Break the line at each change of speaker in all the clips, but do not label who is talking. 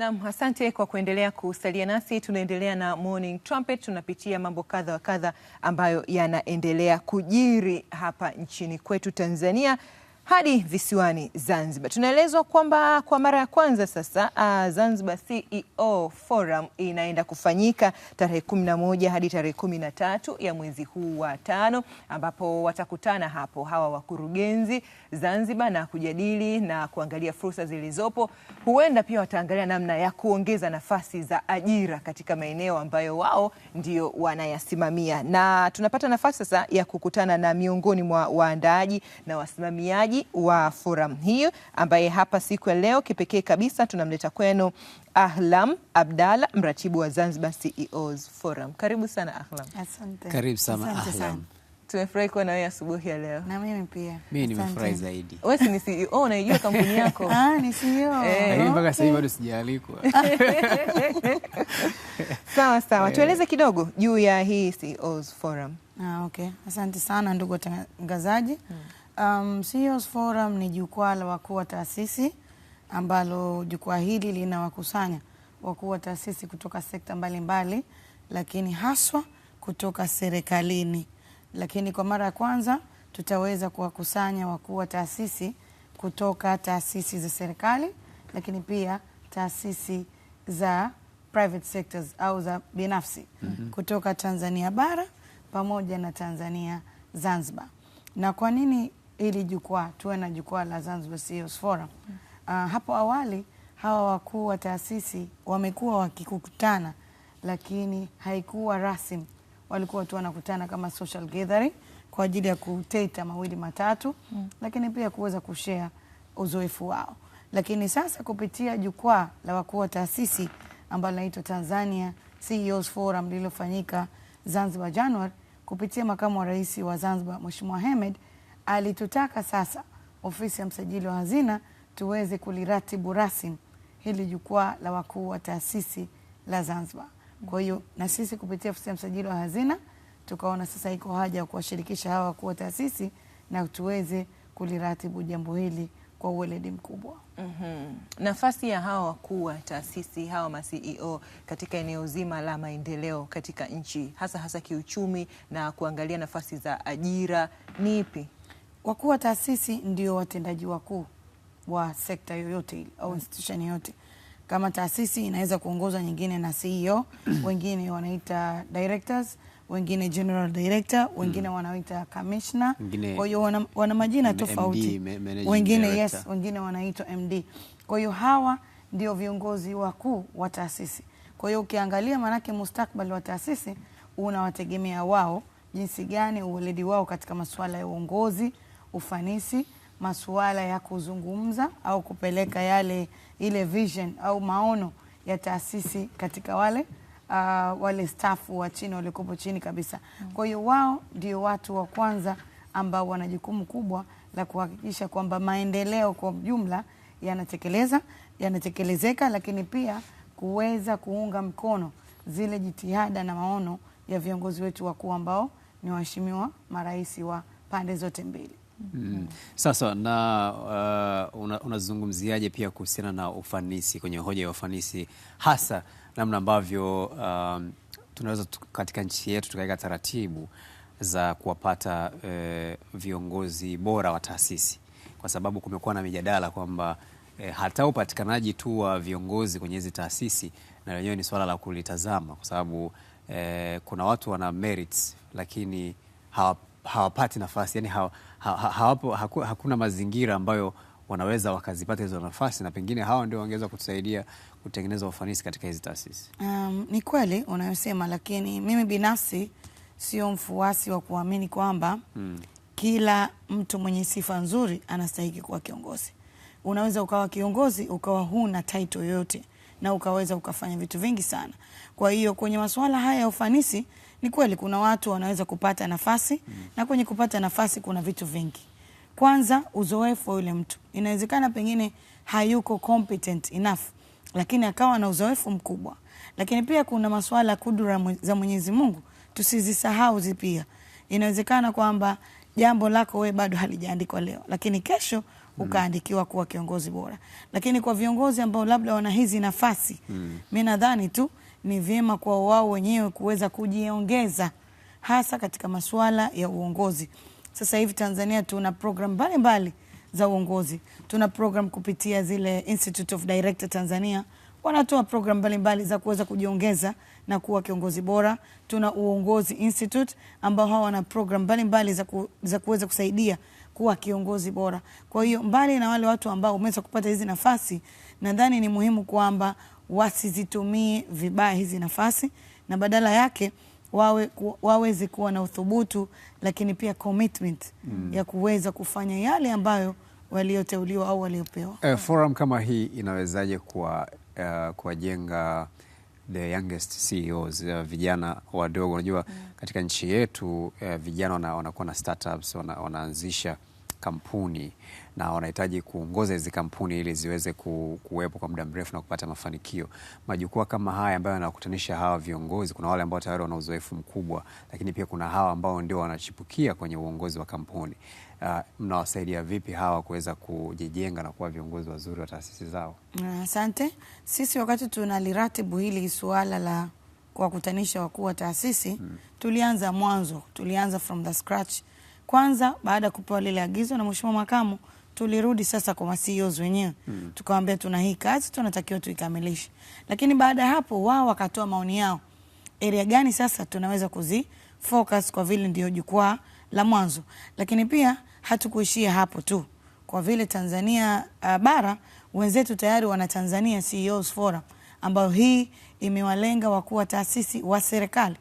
Naam, asante kwa kuendelea kusalia nasi. Tunaendelea na Morning Trumpet, tunapitia mambo kadha wa kadha ambayo yanaendelea kujiri hapa nchini kwetu Tanzania hadi visiwani Zanzibar. Tunaelezwa kwamba kwa mara ya kwanza sasa uh, Zanzibar CEO Forum inaenda kufanyika tarehe kumi na moja hadi tarehe kumi na tatu ya mwezi huu wa tano, ambapo watakutana hapo hawa wakurugenzi Zanzibar na kujadili na kuangalia fursa zilizopo. Huenda pia wataangalia namna ya kuongeza nafasi za ajira katika maeneo ambayo wao ndio wanayasimamia, na tunapata nafasi sasa ya kukutana na miongoni mwa waandaaji na wasimamiaji mwenyekiti wa forum hiyo ambaye hapa siku ya leo kipekee kabisa tunamleta kwenu Ahlam Abdalla, mratibu wa Zanzibar CEOs Forum. Karibu sana Ahlam.
Asante.
Karibu sana Ahlam.
Tumefurahi kuwa na wewe asubuhi ya leo.
Na mimi pia.
Mimi nimefurahi zaidi.
Wewe si ni CEO unaijua kampuni yako?
Ah, ni CEO. Eh,
Lakini mpaka sasa hivi bado sijaalikwa.
Sawa sawa. Eh. Tueleze kidogo juu ya hii CEOs Forum.
Ah, okay. Asante sana ndugu watangazaji. Hmm. Um, CEOs Forum ni jukwaa la wakuu wa taasisi ambalo jukwaa hili linawakusanya wakuu wa taasisi kutoka sekta mbalimbali mbali, lakini haswa kutoka serikalini. Lakini kwa mara ya kwanza tutaweza kuwakusanya wakuu wa taasisi kutoka taasisi za serikali, lakini pia taasisi za private sectors au za binafsi mm -hmm. kutoka Tanzania bara pamoja na Tanzania Zanzibar. Na kwa nini ili jukwaa tuwe na jukwaa la Zanzibar CEOs Forum. Uh, hapo awali hawa wakuu wa taasisi wamekuwa wakikutana, lakini haikuwa rasmi. Walikuwa tu wanakutana kama social gathering kwa ajili ya kuteta mawili matatu mm, lakini pia kuweza kushare uzoefu wao. Lakini sasa kupitia jukwaa la wakuu wa taasisi ambalo linaitwa Tanzania CEOs Forum lililofanyika Zanzibar Januari, kupitia makamu wa rais wa Zanzibar Mheshimiwa Hemed alitutaka sasa ofisi ya msajili wa hazina tuweze kuliratibu rasmi hili jukwaa la wakuu wa taasisi la Zanzibar. Kwa hiyo na sisi kupitia ofisi ya msajili wa hazina tukaona sasa iko haja ya kuwashirikisha hawa wakuu wa taasisi na tuweze kuliratibu jambo hili kwa uweledi mkubwa. mm
-hmm. Nafasi ya hawa wakuu wa taasisi hawa ma CEO katika eneo zima la maendeleo katika nchi hasa hasa kiuchumi na kuangalia nafasi za ajira ni ipi?
Kwa kuwa taasisi ndio watendaji wakuu wa sekta yoyote ile au institution yoyote, kama taasisi inaweza kuongozwa nyingine na CEO mm. wengine wanaita directors, wengine general director, wengine mm. wanaita commissioner. Kwa hiyo wana, wana majina tofauti, wengine yes, wengine wanaitwa MD. Kwa hiyo hawa ndio viongozi wakuu wa taasisi. Kwa hiyo ukiangalia, maanake mustakbali wa taasisi unawategemea wao, jinsi gani uweledi wao katika masuala ya uongozi ufanisi masuala ya kuzungumza au kupeleka yale ile vision au maono ya taasisi katika wale uh, wale stafu wa chini walikopo chini kabisa. Kwa hiyo wao ndio watu wa kwanza ambao wana jukumu kubwa la kuhakikisha kwamba maendeleo kwa jumla yanatekeleza yanatekelezeka, lakini pia kuweza kuunga mkono zile jitihada na maono ya viongozi wetu wakuu ambao ni waheshimiwa marais wa pande zote mbili.
Mm. Sasa na uh, unazungumziaje una pia kuhusiana na ufanisi kwenye hoja ya ufanisi hasa namna ambavyo um, tunaweza katika nchi yetu tukaweka taratibu za kuwapata uh, viongozi bora wa taasisi, kwa sababu kumekuwa na mijadala kwamba uh, hata upatikanaji tu wa viongozi kwenye hizi taasisi na wenyewe ni swala la kulitazama, kwa sababu uh, kuna watu wana merits lakini hawa hawapati nafasi yani ha, ha, ha, hawapo, haku, hakuna mazingira ambayo wanaweza wakazipata hizo nafasi na pengine hawa ndio wangeweza kutusaidia kutengeneza ufanisi katika hizi taasisi.
Um, ni kweli unayosema, lakini mimi binafsi sio mfuasi wa kuamini kwamba hmm, kila mtu mwenye sifa nzuri anastahili kuwa kiongozi. Unaweza ukawa kiongozi ukawa huna title yoyote, na ukaweza ukafanya vitu vingi sana. Kwa hiyo kwenye masuala haya ya ufanisi ni kweli kuna watu wanaweza kupata nafasi mm. na kwenye kupata nafasi kuna vitu vingi. Kwanza uzoefu wa yule mtu, inawezekana pengine hayuko competent enough, lakini akawa na uzoefu mkubwa. Lakini pia kuna masuala ya kudura za Mwenyezi Mungu, tusizisahau zipia Inawezekana kwamba jambo lako we bado halijaandikwa leo, lakini kesho Mm. ukaandikiwa kuwa kiongozi bora. Lakini kwa viongozi ambao labda wana hizi nafasi mm. mi nadhani tu ni vyema kwa wao wenyewe kuweza kujiongeza hasa katika masuala ya uongozi. Sasa hivi Tanzania tuna program mbalimbali za uongozi. Tuna program kupitia zile Institute of Director Tanzania wanatoa program mbalimbali za kuweza kujiongeza na kuwa kiongozi bora. Tuna Uongozi Institute ambao hawa wana program mbalimbali za kuweza kusaidia kuwa kiongozi bora. Kwa hiyo mbali na wale watu ambao umeweza kupata hizi nafasi, nadhani ni muhimu kwamba wasizitumie vibaya hizi nafasi na badala yake wawe, waweze kuwa na uthubutu lakini pia commitment mm. ya kuweza kufanya yale ambayo walioteuliwa au waliopewa.
Uh, forum kama hii inawezaje eh, kuwajenga uh, the youngest CEOs uh, vijana wadogo. Unajua mm. katika nchi yetu uh, vijana wanakuwa na startups, wanaanzisha kampuni na wanahitaji kuongoza hizi kampuni ili ziweze kuwepo kwa muda mrefu na kupata mafanikio. Majukwaa kama haya ambayo yanakutanisha hawa viongozi, kuna wale ambao tayari wana uzoefu mkubwa, lakini pia kuna hawa ambao ndio wanachipukia kwenye uongozi wa kampuni. Uh, mnawasaidia vipi hawa kuweza kujijenga na kuwa viongozi wazuri wa taasisi zao?
Asante. Uh, sisi wakati tunaliratibu hili suala la kuwakutanisha wakuu wa taasisi hmm, tulianza mwanzo, tulianza from the scratch kwanza baada ya kupewa lile agizo na mheshimiwa makamu, tulirudi sasa kwa CEOs wenyewe mm. Tukawaambia tuna hii kazi tunatakiwa tuikamilishe, lakini baada ya hapo wao wakatoa maoni yao, area gani sasa tunaweza kuzi focus kwa vile ndio jukwaa la mwanzo, lakini pia hatukuishia hapo tu, kwa vile Tanzania uh, bara wenzetu tayari wana Tanzania CEOs Forum ambayo hii imewalenga wakuu wa taasisi wa serikali,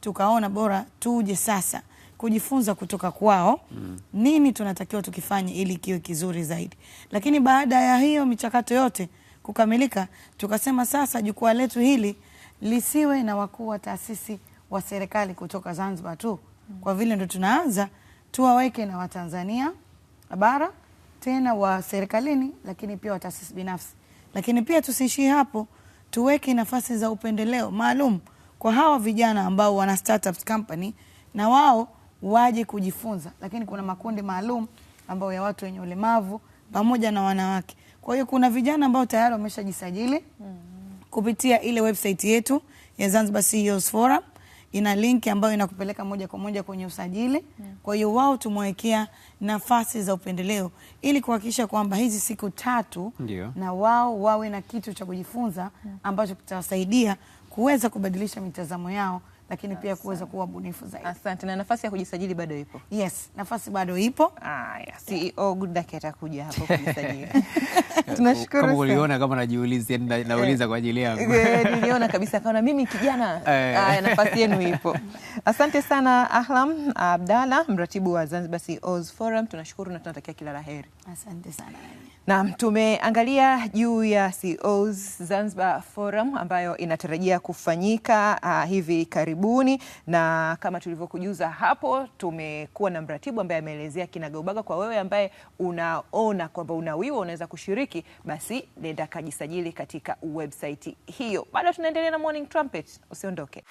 tukaona bora tuje sasa kujifunza kutoka kwao mm. nini tunatakiwa tukifanye ili kiwe kizuri zaidi. Lakini baada ya hiyo michakato yote kukamilika, tukasema sasa jukwaa letu hili lisiwe na wakuu wa taasisi wa serikali kutoka Zanzibar tu mm. kwa vile ndo tunaanza, tuwaweke na Watanzania bara tena wa serikalini, lakini pia wa taasisi binafsi. Lakini pia tusiishie hapo, tuweke nafasi za upendeleo maalum kwa hawa vijana ambao wana startups company na wao waje kujifunza, lakini kuna makundi maalum ambayo ya watu wenye ulemavu pamoja na wanawake. Kwa hiyo kuna vijana ambao tayari wameshajisajili mm. kupitia ile website yetu ya Zanzibar CEOs Forum ina linki ambayo inakupeleka moja kwa moja kwenye usajili. Mm. Kwa hiyo wao tumewekea nafasi za upendeleo ili kuhakikisha kwamba hizi siku tatu Ndiyo. na wao wawe na kitu cha kujifunza mm. ambacho kitawasaidia kuweza kubadilisha mitazamo yao lakini pia kuweza kuwa bunifu zaidi.
Asante. Na nafasi ya kujisajili bado ipo?
Yes, nafasi bado ipo.
Ah, yes. CEO Goodluck atakuja hapo kujisajili.
Tunashukuru sana. Kama uliona kama najiuliza yaani nauliza kwa ajili yako.
Eh, eh, niliona kabisa kaona mimi kijana. Haya, eh. nafasi yenu ipo. Asante sana Ahlam Abdalla, mratibu wa Zanzibar CEOs Forum. Tunashukuru na tunatakia kila la heri.
Asante sana.
Naam, tumeangalia juu ya CEOs Zanzibar Forum ambayo inatarajia kufanyika uh, hivi karibu karibuni, na kama tulivyokujuza hapo, tumekuwa na mratibu ambaye ameelezea kinagaubaga. Kwa wewe ambaye unaona kwamba unawiwa, unaweza kushiriki, basi nenda kajisajili katika website hiyo. Bado tunaendelea na Morning Trumpet, usiondoke.